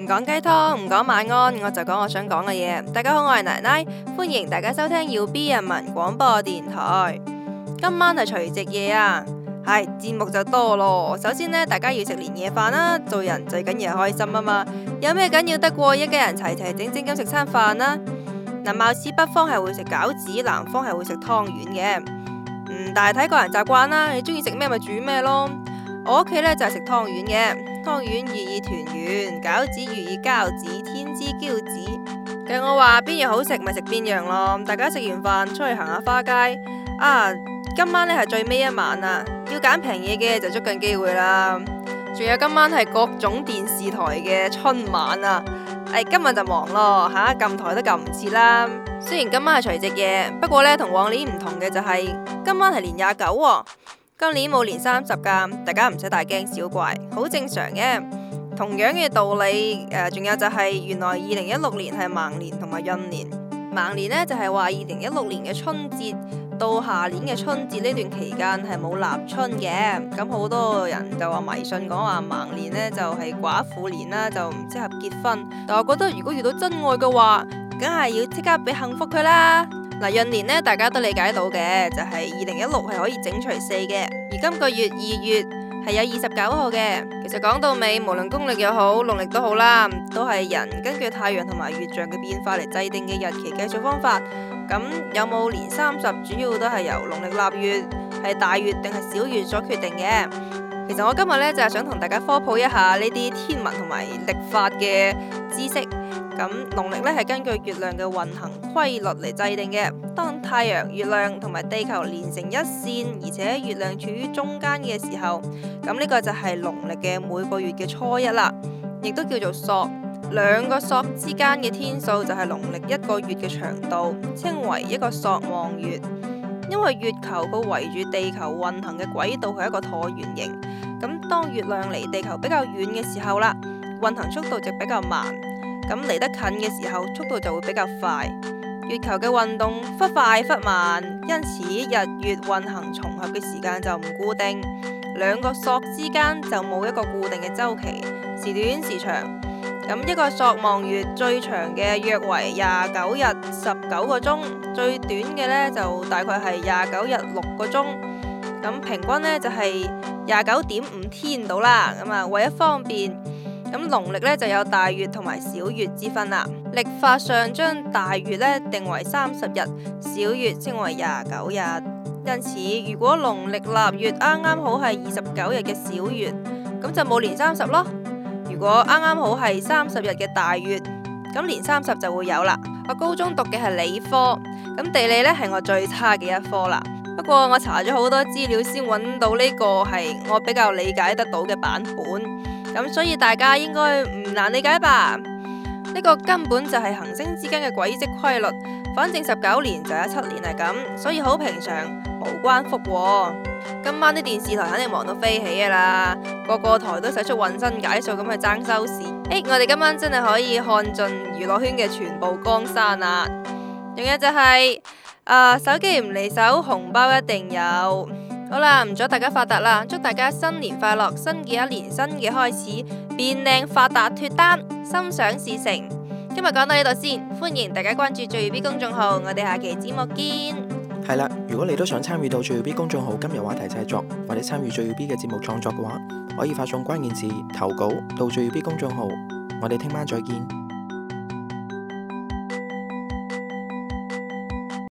唔講雞湯，唔講晚安，我就講我想講嘅嘢。大家好，我係奶奶，歡迎大家收聽耀 B 人民廣播電台。今晚係除夕夜啊，係、哎、節目就多咯。首先呢，大家要食年夜飯啦、啊。做人最緊要係開心啊嘛，有咩緊要得過一家人齊齊整整咁食餐飯啦？嗱，貌似北方係會食餃子，南方係會食湯圓嘅。嗯，但係睇個人習慣啦，你中意食咩咪煮咩咯。我屋企呢就係食湯圓嘅。湯圓寓意團圓，餃子寓意餃子天之驕子。計我話，邊樣好食咪食邊樣咯。大家食完飯出去行下花街啊！今晚呢係最尾一晚啊，要揀平嘢嘅就捉緊機會啦。仲有今晚係各種電視台嘅春晚啊！唉、哎，今日就忙咯，吓撳台都撳唔切啦。雖然今晚係除夕夜，不過呢，同往年唔同嘅就係、是、今晚係年廿九、啊。今年冇年三十噶，大家唔使大驚小怪，好正常嘅。同樣嘅道理，誒、呃，仲有就係原來二零一六年係盲年同埋閏年，盲年呢就係話二零一六年嘅春節到下年嘅春節呢段期間係冇立春嘅。咁好多人就話迷信，講話盲年呢就係寡婦年啦，就唔適合結婚。但我覺得如果遇到真愛嘅話，梗係要即刻俾幸福佢啦。嗱，閏年呢，大家都理解到嘅，就係二零一六係可以整除四嘅，而今個月二月係有二十九號嘅。其實講到尾，無論公曆又好，農曆都好啦，都係人根據太陽同埋月相嘅變化嚟制定嘅日期計算方法。咁有冇年三十，主要都係由農曆臘月係大月定係小月所決定嘅。其實我今日呢，就係想同大家科普一下呢啲天文同埋曆法嘅知識。咁農曆咧係根據月亮嘅運行規律嚟制定嘅。當太陽、月亮同埋地球連成一線，而且月亮處於中間嘅時候，咁呢個就係農曆嘅每個月嘅初一啦，亦都叫做朔。兩個朔之間嘅天數就係農曆一個月嘅長度，稱為一個朔望月。因為月球佢圍住地球運行嘅軌道係一個橢圓形，咁當月亮離地球比較遠嘅時候啦，運行速度就比較慢。咁嚟得近嘅時候，速度就會比較快。月球嘅運動忽快忽慢，因此日月運行重合嘅時間就唔固定。兩個朔之間就冇一個固定嘅周期，時短時長。咁一個朔望月最長嘅約為廿九日十九個鐘，最短嘅呢就大概係廿九日六個鐘。咁平均呢就係廿九點五天到啦。咁啊，為咗方便。咁農曆咧就有大月同埋小月之分啦。曆法上將大月咧定為三十日，小月稱為廿九日。因此，如果農曆臘月啱啱好係二十九日嘅小月，咁就冇年三十咯。如果啱啱好係三十日嘅大月，咁年三十就會有啦。我高中讀嘅係理科，咁地理咧係我最差嘅一科啦。不過我查咗好多資料先揾到呢個係我比較理解得到嘅版本。咁所以大家應該唔難理解吧？呢個根本就係行星之間嘅軌跡規律，反正十九年就係七年嚟，咁所以好平常，無關福喎。今晚啲電視台肯定忙到飛起噶啦，個個台都使出渾身解數咁去爭收視。誒，我哋今晚真係可以看盡娛樂圈嘅全部江山啦！仲有就係，誒，手機唔離手，紅包一定有。好啦，唔阻大家發達啦，祝大家新年快樂，新嘅一年新嘅開始，變靚發達脫單，心想事成。今日講到呢度先，歡迎大家關注最耀 B 公眾號，我哋下期節目見。係啦，如果你都想參與到最耀 B 公眾號今日話題製作，或者參與最耀 B 嘅節目創作嘅話，可以發送關鍵字投稿到最耀 B 公眾號，我哋聽晚再見。